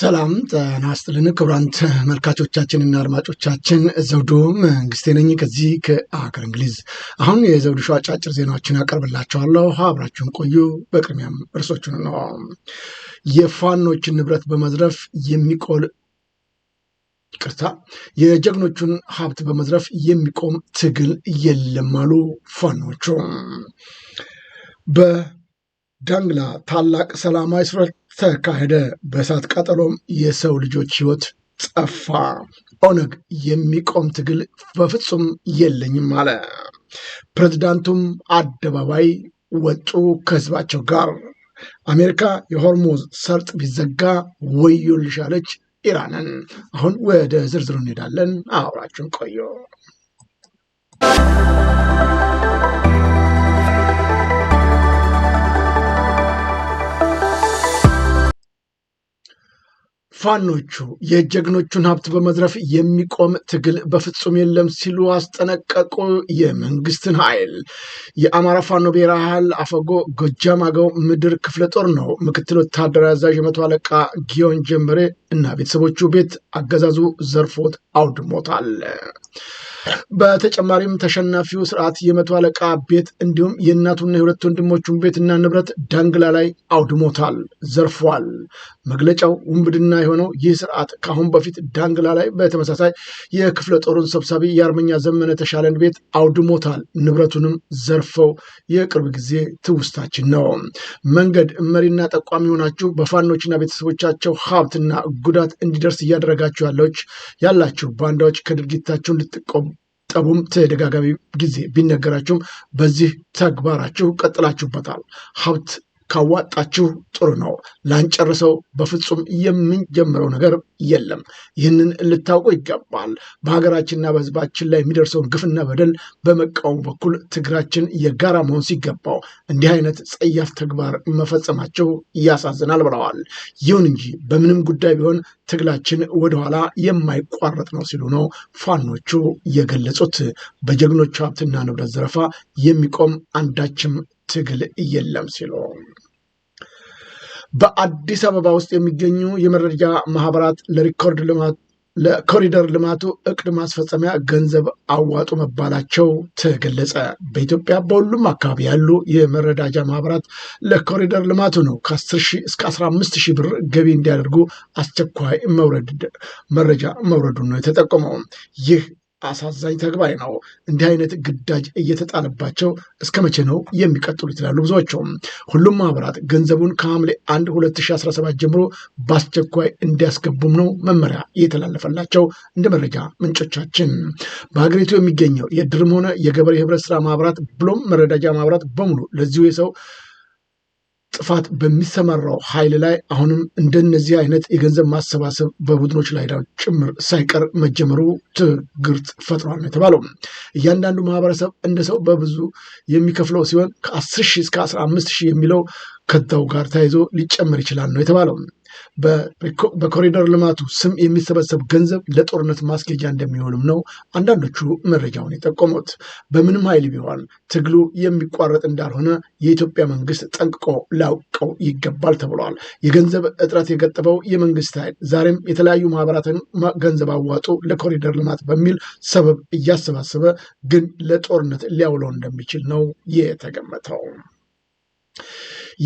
ሰላም ጤና ይስጥልን ክቡራን ተመልካቾቻችንና አድማጮቻችን ዘውዱ መንግስቴ ነኝ ከዚህ ከአገር እንግሊዝ። አሁን የዘውዱ ሾው አጫጭር ዜናዎችን ያቀርብላችኋለሁ፣ አብራችሁን ቆዩ። በቅድሚያም እርሶችን ነው። የፋኖችን ንብረት በመዝረፍ የሚቆል ይቅርታ፣ የጀግኖቹን ሀብት በመዝረፍ የሚቆም ትግል የለም አሉ ፋኖቹ። ዳንግላ ታላቅ ሰላማዊ ሰልፍ ተካሄደ። በእሳት ቃጠሎም የሰው ልጆች ህይወት ጠፋ። ኦነግ የሚቆም ትግል በፍጹም የለኝም አለ። ፕሬዚዳንቱም አደባባይ ወጡ ከህዝባቸው ጋር። አሜሪካ የሆርሙዝ ሰርጥ ቢዘጋ ወዮልሽ አለች ኢራንን። አሁን ወደ ዝርዝሩ እንሄዳለን። አብራችሁን ቆዩ። ፋኖቹ የጀግኖቹን ሀብት በመዝረፍ የሚቆም ትግል በፍጹም የለም ሲሉ አስጠነቀቁ። የመንግስትን ኃይል የአማራ ፋኖ ብሔራዊ ኃይል አፈጎ ጎጃም አገው ምድር ክፍለ ጦር ነው ምክትል ወታደራዊ አዛዥ የመቶ አለቃ ጊዮን ጀምሬ እና ቤተሰቦቹ ቤት አገዛዙ ዘርፎት አውድሞታል። በተጨማሪም ተሸናፊው ስርዓት የመቶ አለቃ ቤት እንዲሁም የእናቱና የሁለት ወንድሞቹን ቤትና ንብረት ዳንግላ ላይ አውድሞታል፣ ዘርፏል። መግለጫው ውንብድና የሆነው ይህ ስርዓት ከአሁን በፊት ዳንግላ ላይ በተመሳሳይ የክፍለ ጦሩን ሰብሳቢ የአርመኛ ዘመነ ተሻለን ቤት አውድሞታል። ንብረቱንም ዘርፈው የቅርብ ጊዜ ትውስታችን ነው። መንገድ መሪና ጠቋሚ ሆናችሁ በፋኖችና ቤተሰቦቻቸው ሀብትና ጉዳት እንዲደርስ እያደረጋችሁ ያለች ያላችሁ ባንዳዎች ከድርጊታችሁ ጠቡም ተደጋጋሚ ጊዜ ቢነገራችሁም በዚህ ተግባራችሁ ቀጥላችሁበታል። ሀብት ካዋጣችሁ ጥሩ ነው። ላንጨርሰው በፍጹም የምንጀምረው ነገር የለም። ይህንን ልታውቁ ይገባል። በሀገራችንና በህዝባችን ላይ የሚደርሰውን ግፍና በደል በመቃወም በኩል ትግራችን የጋራ መሆን ሲገባው እንዲህ አይነት ጸያፍ ተግባር መፈጸማቸው ያሳዝናል ብለዋል። ይሁን እንጂ በምንም ጉዳይ ቢሆን ትግላችን ወደኋላ የማይቋረጥ ነው ሲሉ ነው ፋኖቹ የገለጹት። በጀግኖቹ ሀብትና ንብረት ዘረፋ የሚቆም አንዳችም ትግል የለም ሲሉ በአዲስ አበባ ውስጥ የሚገኙ የመረጃ ማህበራት ለሪኮርድ ልማት ለኮሪደር ልማቱ እቅድ ማስፈጸሚያ ገንዘብ አዋጡ መባላቸው ተገለጸ። በኢትዮጵያ በሁሉም አካባቢ ያሉ የመረዳጃ ማህበራት ለኮሪደር ልማቱ ነው ከ10 እስከ 15 ሺህ ብር ገቢ እንዲያደርጉ አስቸኳይ መረጃ መውረዱ ነው የተጠቆመው። ይህ አሳዛኝ ተግባር ነው። እንዲህ አይነት ግዳጅ እየተጣለባቸው እስከ መቼ ነው የሚቀጥሉት? ይላሉ ብዙዎቹ። ሁሉም ማህበራት ገንዘቡን ከሐምሌ 1 2017 ጀምሮ በአስቸኳይ እንዲያስገቡም ነው መመሪያ እየተላለፈላቸው እንደ መረጃ ምንጮቻችን በሀገሪቱ የሚገኘው የድርም ሆነ የገበሬ ህብረት ስራ ማህበራት ብሎም መረዳጃ ማህበራት በሙሉ ለዚሁ የሰው ጥፋት በሚሰማራው ኃይል ላይ አሁንም እንደነዚህ አይነት የገንዘብ ማሰባሰብ በቡድኖች ላይ ጭምር ሳይቀር መጀመሩ ትግርት ፈጥሯል ነው የተባለው። እያንዳንዱ ማህበረሰብ እንደ ሰው በብዙ የሚከፍለው ሲሆን ከ10 ሺህ እስከ 15 ሺህ የሚለው ከዛው ጋር ተያይዞ ሊጨምር ይችላል ነው የተባለው። በኮሪደር ልማቱ ስም የሚሰበሰብ ገንዘብ ለጦርነት ማስኬጃ እንደሚሆንም ነው አንዳንዶቹ መረጃውን የጠቆሙት። በምንም ኃይል ቢሆን ትግሉ የሚቋረጥ እንዳልሆነ የኢትዮጵያ መንግስት ጠንቅቆ ሊያውቀው ይገባል ተብሏል። የገንዘብ እጥረት የገጠመው የመንግስት ኃይል ዛሬም የተለያዩ ማህበራትን ገንዘብ አዋጡ ለኮሪደር ልማት በሚል ሰበብ እያሰባሰበ ግን ለጦርነት ሊያውለው እንደሚችል ነው የተገመተው።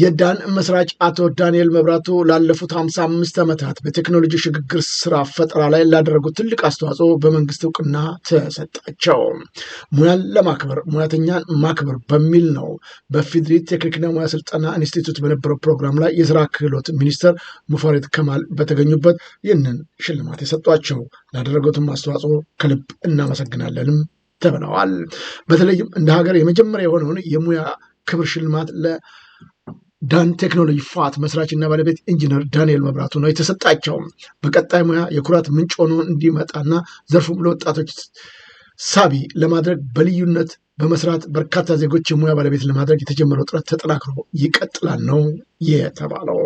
የዳን መስራች አቶ ዳንኤል መብራቱ ላለፉት 55 ዓመታት በቴክኖሎጂ ሽግግር ስራ ፈጠራ ላይ ላደረጉት ትልቅ አስተዋጽኦ በመንግስት እውቅና ተሰጣቸው። ሙያን ለማክበር ሙያተኛን ማክበር በሚል ነው በፊድሪ ቴክኒክና ሙያ ስልጠና ኢንስቲትዩት በነበረው ፕሮግራም ላይ የስራ ክህሎት ሚኒስተር ሙፈሪት ከማል በተገኙበት ይህንን ሽልማት የሰጧቸው። ላደረጉትም አስተዋጽኦ ከልብ እናመሰግናለንም ተብለዋል። በተለይም እንደ ሀገር የመጀመሪያ የሆነውን የሙያ ክብር ሽልማት ለዳን ቴክኖሎጂ ፋት መስራችና ባለቤት ኢንጂነር ዳንኤል መብራቱ ነው የተሰጣቸው። በቀጣይ ሙያ የኩራት ምንጭ ሆኖ እንዲመጣና ዘርፉም ለወጣቶች ሳቢ ለማድረግ በልዩነት በመስራት በርካታ ዜጎች የሙያ ባለቤት ለማድረግ የተጀመረው ጥረት ተጠናክሮ ይቀጥላል ነው የተባለው።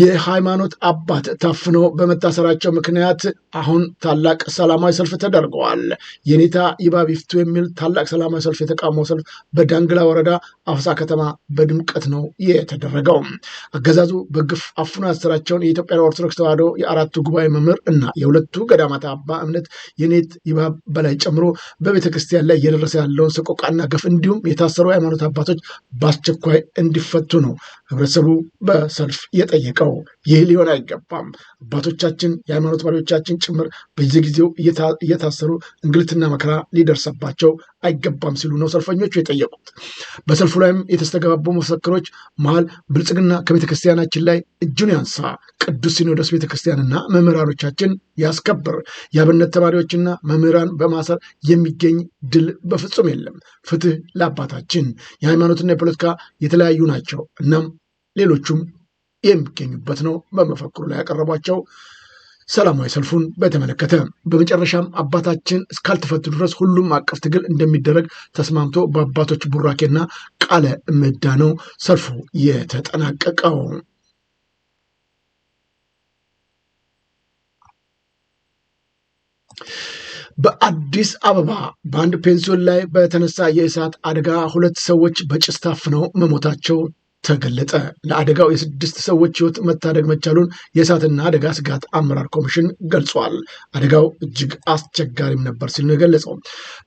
የሃይማኖት አባት ታፍነው በመታሰራቸው ምክንያት አሁን ታላቅ ሰላማዊ ሰልፍ ተደርገዋል። የኔታ ይባቢፍቱ የሚል ታላቅ ሰላማዊ ሰልፍ የተቃውሞ ሰልፍ በዳንግላ ወረዳ አፍሳ ከተማ በድምቀት ነው የተደረገው። አገዛዙ በግፍ አፍኖ ያሰራቸውን የኢትዮጵያ ኦርቶዶክስ ተዋሕዶ የአራቱ ጉባኤ መምህር እና የሁለቱ ገዳማት አባ እምነት የኔት ይባብ በላይ ጨምሮ በቤተ ክርስቲያን ላይ እየደረሰ ያለውን ሰቆቃና ግፍ እንዲሁም የታሰሩ ሃይማኖት አባቶች በአስቸኳይ እንዲፈቱ ነው ህብረተሰቡ በሰልፍ የጠየቀው። ይህ ሊሆን አይገባም። አባቶቻችን፣ የሃይማኖት መሪዎቻችን ጭምር በየጊዜው እየታሰሩ እንግልትና መከራ ሊደርሰባቸው አይገባም ሲሉ ነው ሰልፈኞቹ የጠየቁት። በሰልፉ ላይም የተስተጋቡ መፈክሮች መሀል ብልጽግና ከቤተ ክርስቲያናችን ላይ እጁን ያንሳ፣ ቅዱስ ሲኖዶስ ቤተ ክርስቲያንና መምህራኖቻችን ያስከብር፣ የአብነት ተማሪዎችና መምህራን በማሰር የሚገኝ ድል በፍጹም የለም፣ ፍትህ ለአባታችን፣ የሃይማኖትና የፖለቲካ የተለያዩ ናቸው እናም ሌሎቹም የሚገኙበት ነው በመፈክሩ ላይ ያቀረቧቸው ሰላማዊ ሰልፉን በተመለከተ በመጨረሻም አባታችን እስካልተፈቱ ድረስ ሁሉም አቀፍ ትግል እንደሚደረግ ተስማምቶ በአባቶች ቡራኬና ቃለ ምዕዳ ነው ሰልፉ የተጠናቀቀው። በአዲስ አበባ በአንድ ፔንሲዮን ላይ በተነሳ የእሳት አደጋ ሁለት ሰዎች በጭስ ታፍነው መሞታቸው ተገለጠ ለአደጋው የስድስት ሰዎች ህይወት መታደግ መቻሉን የእሳትና አደጋ ስጋት አመራር ኮሚሽን ገልጿል። አደጋው እጅግ አስቸጋሪም ነበር ሲል ነው የገለጸው።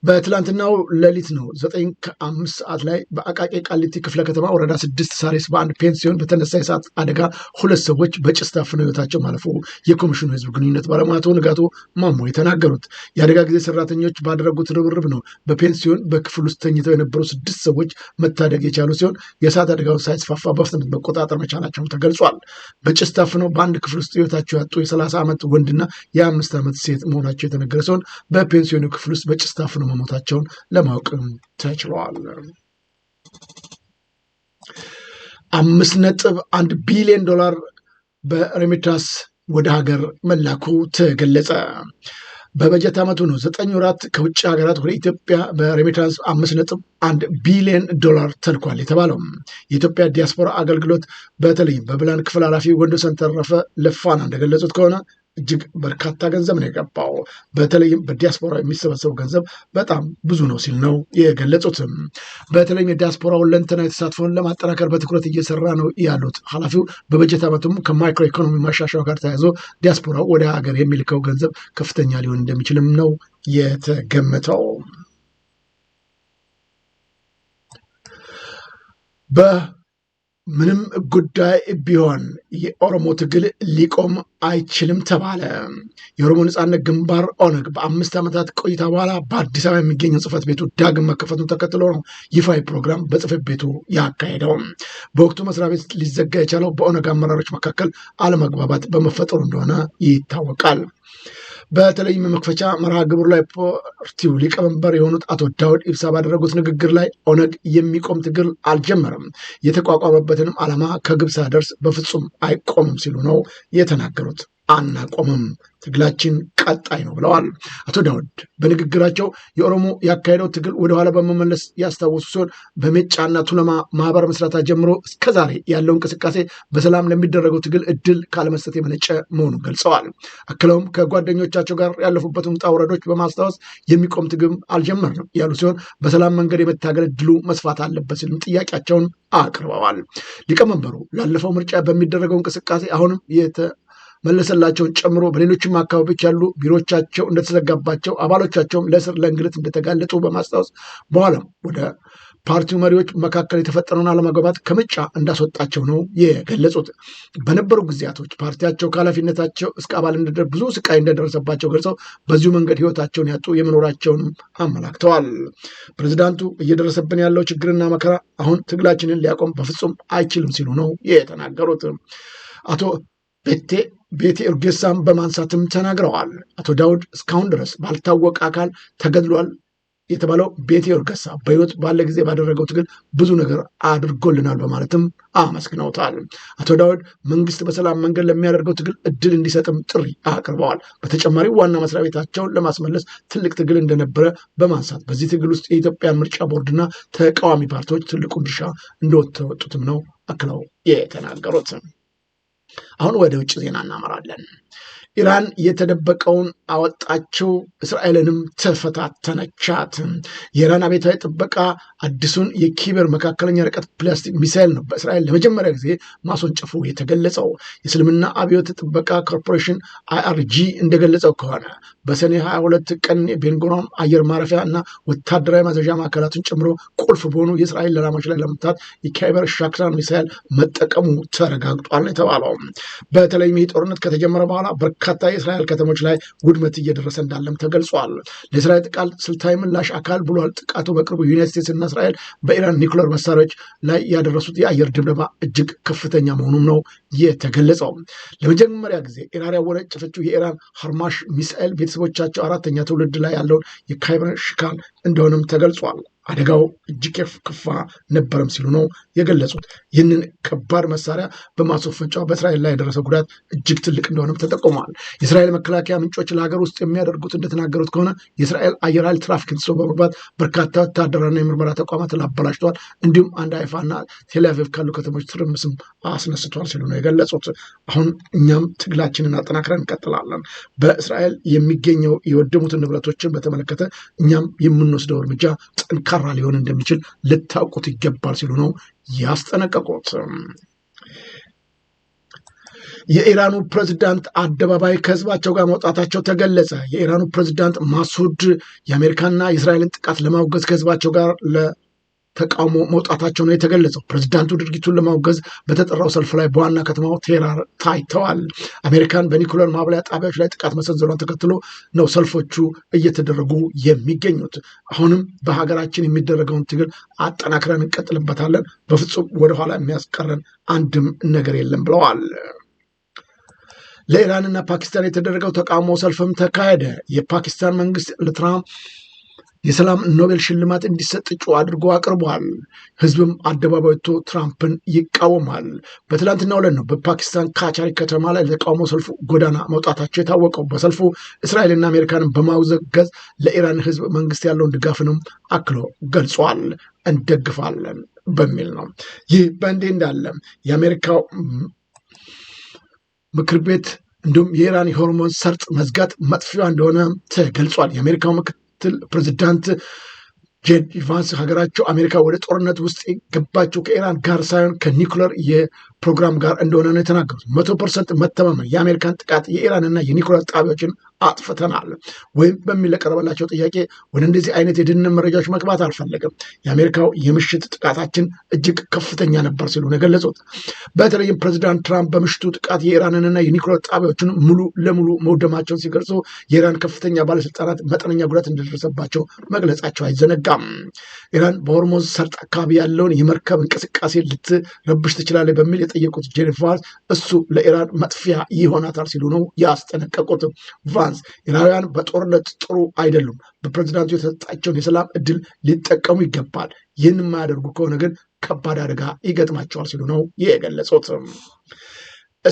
በትላንትናው ሌሊት ነው ዘጠኝ ከአምስት ሰዓት ላይ በአቃቂ ቃሊቲ ክፍለ ከተማ ወረዳ ስድስት ሳሬስ በአንድ ፔንሲዮን በተነሳ የእሳት አደጋ ሁለት ሰዎች በጭስ ታፍነው ህይወታቸው ማለፉ የኮሚሽኑ ህዝብ ግንኙነት ባለሙያ አቶ ንጋቱ ማሞ የተናገሩት የአደጋ ጊዜ ሰራተኞች ባደረጉት ርብርብ ነው በፔንሲዮን በክፍል ውስጥ ተኝተው የነበሩ ስድስት ሰዎች መታደግ የቻሉ ሲሆን የእሳት አደጋውን ሳይ። እንዳይስፋፋ በፍጥነት መቆጣጠር መቻላቸውም ተገልጿል። በጭስ ተፍኖ በአንድ ክፍል ውስጥ ህይወታቸው ያጡ የ30 ዓመት ወንድና የአምስት ዓመት ሴት መሆናቸው የተነገረ ሲሆን በፔንሲዮኑ ክፍል ውስጥ በጭስ ተፍኖ መሞታቸውን ለማወቅም ተችሏል። አምስት ነጥብ አንድ ቢሊዮን ዶላር በሬሚታንስ ወደ ሀገር መላኩ ተገለጸ። በበጀት ዓመቱ ነው ዘጠኝ ወራት ከውጭ ሀገራት ወደ ኢትዮጵያ በሬሚታንስ አምስት ነጥብ አንድ ቢሊዮን ዶላር ተልኳል የተባለው የኢትዮጵያ ዲያስፖራ አገልግሎት በተለይም በብላን ክፍል ኃላፊ ወንዶ ሰንተረፈ ለፋና እንደገለጹት ከሆነ እጅግ በርካታ ገንዘብ ነው የገባው። በተለይም በዲያስፖራ የሚሰበሰቡ ገንዘብ በጣም ብዙ ነው ሲል ነው የገለጹትም። በተለይም የዲያስፖራ ሁለንተናዊ የተሳትፎን ለማጠናከር በትኩረት እየሰራ ነው ያሉት ኃላፊው በበጀት ዓመቱም ከማይክሮ ኢኮኖሚ ማሻሻያ ጋር ተያይዞ ዲያስፖራው ወደ ሀገር የሚልከው ገንዘብ ከፍተኛ ሊሆን እንደሚችልም ነው የተገመተው። በ ምንም ጉዳይ ቢሆን የኦሮሞ ትግል ሊቆም አይችልም ተባለ። የኦሮሞ ነጻነት ግንባር ኦነግ በአምስት ዓመታት ቆይታ በኋላ በአዲስ አበባ የሚገኘው ጽህፈት ቤቱ ዳግም መከፈቱን ተከትሎ ነው ይፋዊ ፕሮግራም በጽህፈት ቤቱ ያካሄደው። በወቅቱ መስሪያ ቤት ሊዘጋ የቻለው በኦነግ አመራሮች መካከል አለመግባባት በመፈጠሩ እንደሆነ ይታወቃል። በተለይም መክፈቻ መርሃ ግብሩ ላይ ፓርቲው ሊቀመንበር የሆኑት አቶ ዳውድ ኢብሳ ባደረጉት ንግግር ላይ ኦነግ የሚቆም ትግል አልጀመረም፣ የተቋቋመበትንም ዓላማ ከግብ ደርስ በፍጹም አይቆምም ሲሉ ነው የተናገሩት። አናቆምም፣ ትግላችን ቀጣይ ነው ብለዋል። አቶ ዳውድ በንግግራቸው የኦሮሞ ያካሄደው ትግል ወደኋላ በመመለስ ያስታወሱ ሲሆን በሜጫና ቱለማ ማህበር መስራታ ጀምሮ እስከዛሬ ያለው እንቅስቃሴ በሰላም ለሚደረገው ትግል እድል ካለመስጠት የመነጨ መሆኑን ገልጸዋል። አክለውም ከጓደኞቻቸው ጋር ያለፉበትን ውጣ ውረዶች በማስታወስ የሚቆም ትግል አልጀመርንም ያሉ ሲሆን በሰላም መንገድ የመታገል እድሉ መስፋት አለበት ሲልም ጥያቄያቸውን አቅርበዋል። ሊቀመንበሩ ላለፈው ምርጫ በሚደረገው እንቅስቃሴ አሁንም መለሰላቸውን ጨምሮ በሌሎችም አካባቢዎች ያሉ ቢሮቻቸው እንደተዘጋባቸው አባሎቻቸውም ለእስር ለእንግልት እንደተጋለጡ በማስታወስ በኋላም ወደ ፓርቲው መሪዎች መካከል የተፈጠረውን አለመግባባት ከምጫ እንዳስወጣቸው ነው የገለጹት። በነበሩ ጊዜያቶች ፓርቲያቸው ከኃላፊነታቸው እስከ አባልነት ብዙ ስቃይ እንደደረሰባቸው ገልጸው በዚሁ መንገድ ህይወታቸውን ያጡ የመኖራቸውን አመላክተዋል። ፕሬዚዳንቱ እየደረሰብን ያለው ችግርና መከራ አሁን ትግላችንን ሊያቆም በፍጹም አይችልም ሲሉ ነው የተናገሩት አቶ ቤቴ ቤቴ በማንሳትም ተናግረዋል። አቶ ዳውድ እስካሁን ድረስ ባልታወቀ አካል ተገድሏል የተባለው ቤቴ ኡርጌሳ በህይወት ባለ ጊዜ ባደረገው ትግል ብዙ ነገር አድርጎልናል በማለትም አመስግነውታል። አቶ ዳውድ መንግስት በሰላም መንገድ ለሚያደርገው ትግል እድል እንዲሰጥም ጥሪ አቅርበዋል። በተጨማሪ ዋና መስሪያ ቤታቸውን ለማስመለስ ትልቅ ትግል እንደነበረ በማንሳት በዚህ ትግል ውስጥ የኢትዮጵያን ምርጫ ቦርድና ተቃዋሚ ፓርቲዎች ትልቁን ድርሻ እንደወተወጡትም ነው አክለው የተናገሩት። አሁን ወደ ውጭ ዜና እናመራለን። ኢራን የተደበቀውን አወጣችው፣ እስራኤልንም ተፈታተነቻት። የኢራን አቤታዊ ጥበቃ አዲሱን የኪበር መካከለኛ ርቀት ፕላስቲክ ሚሳይል ነው በእስራኤል ለመጀመሪያ ጊዜ ማስወንጨፉ የተገለጸው። የእስልምና አብዮት ጥበቃ ኮርፖሬሽን አይአርጂ እንደገለጸው ከሆነ በሰኔ 22 ቀን ቤንጎራም አየር ማረፊያ እና ወታደራዊ ማዘዣ ማዕከላቱን ጨምሮ ቁልፍ በሆኑ የእስራኤል ለላማች ላይ ለመምታት የኪበር ሻክራን ሚሳይል መጠቀሙ ተረጋግጧል የተባለው በተለይም ይህ ጦርነት ከተጀመረ በኋላ በርካ በርካታ የእስራኤል ከተሞች ላይ ጉድመት እየደረሰ እንዳለም ተገልጿል። ለእስራኤል ጥቃት ስልታዊ ምላሽ አካል ብሏል። ጥቃቱ በቅርቡ ዩናይት ስቴትስ እና እስራኤል በኢራን ኒውክሌር መሳሪያዎች ላይ ያደረሱት የአየር ድብደባ እጅግ ከፍተኛ መሆኑም ነው የተገለጸው። ለመጀመሪያ ጊዜ ኢራን ያወነጨፈችው የኢራን ሀርማሽ ሚሳኤል ቤተሰቦቻቸው አራተኛ ትውልድ ላይ ያለውን የካይበር ሽካን እንደሆነም ተገልጿል። አደጋው እጅግ ክፋ ነበረም ሲሉ ነው የገለጹት። ይህንን ከባድ መሳሪያ በማስወንጨፏ በእስራኤል ላይ የደረሰ ጉዳት እጅግ ትልቅ እንደሆነም ተጠቁመዋል። የእስራኤል መከላከያ ምንጮች ለሀገር ውስጥ የሚያደርጉት እንደተናገሩት ከሆነ የእስራኤል አየር ኃይል ትራፊክን ሰው በመግባት በርካታ ወታደራና የምርመራ ተቋማትን አበላሽተዋል። እንዲሁም አንድ አይፋና ቴልአቪቭ ካሉ ከተሞች ትርምስም አስነስቷል ሲሉ ነው የገለጹት። አሁን እኛም ትግላችንን አጠናክረን እንቀጥላለን። በእስራኤል የሚገኘው የወደሙትን ንብረቶችን በተመለከተ እኛም የምንወስደው እርምጃ ጥንካ የተሰራ ሊሆን እንደሚችል ልታውቁት ይገባል ሲሉ ነው ያስጠነቀቁት። የኢራኑ ፕሬዝዳንት አደባባይ ከህዝባቸው ጋር መውጣታቸው ተገለጸ። የኢራኑ ፕሬዝዳንት ማሱድ የአሜሪካና የእስራኤልን ጥቃት ለማውገዝ ከህዝባቸው ጋር ተቃውሞ መውጣታቸው ነው የተገለጸው። ፕሬዚዳንቱ ድርጊቱን ለማውገዝ በተጠራው ሰልፍ ላይ በዋና ከተማው ቴራር ታይተዋል። አሜሪካን በኒኩለር ማብላያ ጣቢያዎች ላይ ጥቃት መሰንዘሯን ተከትሎ ነው ሰልፎቹ እየተደረጉ የሚገኙት። አሁንም በሀገራችን የሚደረገውን ትግል አጠናክረን እንቀጥልበታለን። በፍጹም ወደኋላ የሚያስቀረን አንድም ነገር የለም ብለዋል። ለኢራንና ፓኪስታን የተደረገው ተቃውሞ ሰልፍም ተካሄደ። የፓኪስታን መንግስት ለትራምፕ የሰላም ኖቤል ሽልማት እንዲሰጥ እጩ አድርጎ አቅርቧል። ህዝብም አደባባይ ወጥቶ ትራምፕን ይቃወማል። በትላንትና ዕለት ነው በፓኪስታን ካቻሪ ከተማ ላይ ለተቃውሞ ሰልፉ ጎዳና መውጣታቸው የታወቀው። በሰልፉ እስራኤልና አሜሪካንን በማውዘገዝ ለኢራን ህዝብ መንግስት ያለውን ድጋፍንም አክሎ ገልጿል። እንደግፋለን በሚል ነው። ይህ በእንዲህ እንዳለ የአሜሪካው ምክር ቤት እንዲሁም የኢራን የሆርሞን ሰርጥ መዝጋት መጥፊያ እንደሆነ ተገልጿል። የአሜሪካው ምክር ምክትል ፕሬዚዳንት ጄድ ቫንስ ሀገራቸው አሜሪካ ወደ ጦርነት ውስጥ የገባቸው ከኢራን ጋር ሳይሆን ከኒኩለር የፕሮግራም ጋር እንደሆነ ነው የተናገሩት። መቶ ፐርሰንት መተማመን የአሜሪካን ጥቃት የኢራንና የኒኩለር ጣቢያዎችን አጥፍተናል ወይም በሚል ለቀረበላቸው ጥያቄ ወደ እንደዚህ አይነት የደህንነት መረጃዎች መግባት አልፈለገም። የአሜሪካው የምሽት ጥቃታችን እጅግ ከፍተኛ ነበር ሲሉ ነው የገለጹት። በተለይም ፕሬዚዳንት ትራምፕ በምሽቱ ጥቃት የኢራንንና የኒውክሌር ጣቢያዎችን ሙሉ ለሙሉ መውደማቸውን ሲገልጹ የኢራን ከፍተኛ ባለስልጣናት መጠነኛ ጉዳት እንደደረሰባቸው መግለጻቸው አይዘነጋም። ኢራን በሆርሞዝ ሰርጥ አካባቢ ያለውን የመርከብ እንቅስቃሴ ልትረብሽ ትችላለች በሚል የጠየቁት ጄኒቫ እሱ ለኢራን መጥፊያ ይሆናታል ሲሉ ነው ያስጠነቀቁት። ቢያንስ ኢራውያን በጦርነት ጥሩ አይደሉም፣ በፕሬዚዳንቱ የተሰጣቸውን የሰላም እድል ሊጠቀሙ ይገባል። ይህን የማያደርጉ ከሆነ ግን ከባድ አደጋ ይገጥማቸዋል ሲሉ ነው የገለጹት።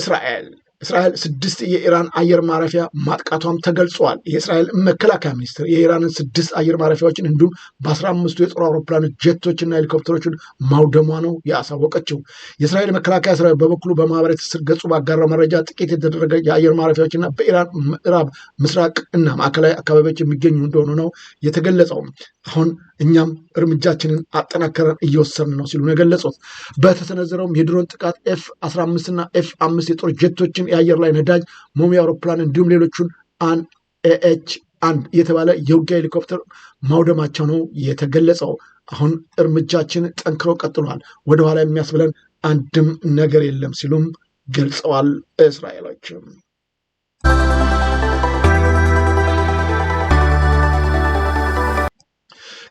እስራኤል እስራኤል ስድስት የኢራን አየር ማረፊያ ማጥቃቷም ተገልጿል። የእስራኤል መከላከያ ሚኒስትር የኢራንን ስድስት አየር ማረፊያዎችን እንዲሁም በአስራ አምስቱ የጦር አውሮፕላኖች ጀቶችና ሄሊኮፕተሮችን ማውደሟ ነው ያሳወቀችው። የእስራኤል መከላከያ ሰራዊት በበኩሉ በማህበራዊ ትስስር ገጹ ባጋራው መረጃ ጥቂት የተደረገ የአየር ማረፊያዎችና በኢራን ምዕራብ ምስራቅ እና ማዕከላዊ አካባቢዎች የሚገኙ እንደሆኑ ነው የተገለጸው። አሁን እኛም እርምጃችንን አጠናከረን እየወሰን ነው ሲሉ ነው የገለጹት። በተሰነዘረውም የድሮን ጥቃት ኤፍ 15 እና ኤፍ አምስት የጦር ጀቶችን የአየር ላይ ነዳጅ ሞሚ አውሮፕላን እንዲሁም ሌሎቹን አን ኤች አንድ የተባለ የውጊያ ሄሊኮፕተር ማውደማቸው ነው የተገለጸው። አሁን እርምጃችን ጠንክሮ ቀጥሏል፣ ወደኋላ የሚያስብለን አንድም ነገር የለም ሲሉም ገልጸዋል። እስራኤሎችም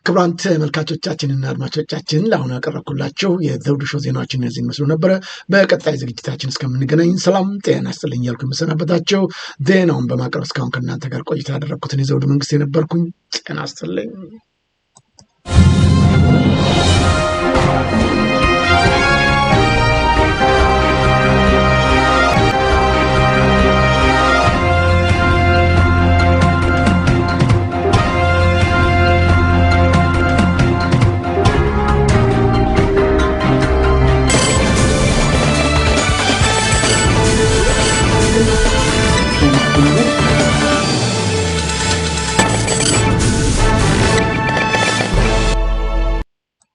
ክቡራን ተመልካቾቻችንና አድማጮቻችን ለአሁኑ ያቀረብኩላችሁ የዘውዱ ሾው ዜናዎች እነዚህ ይመስሉ ነበረ። በቀጣይ ዝግጅታችን እስከምንገናኝ ሰላም ጤና ይስጥልኝ እያልኩ የምሰናበታቸው ዜናውን በማቅረብ እስካሁን ከእናንተ ጋር ቆይታ ያደረግኩትን የዘውዱ መንግስት የነበርኩኝ ጤና ይስጥልኝ።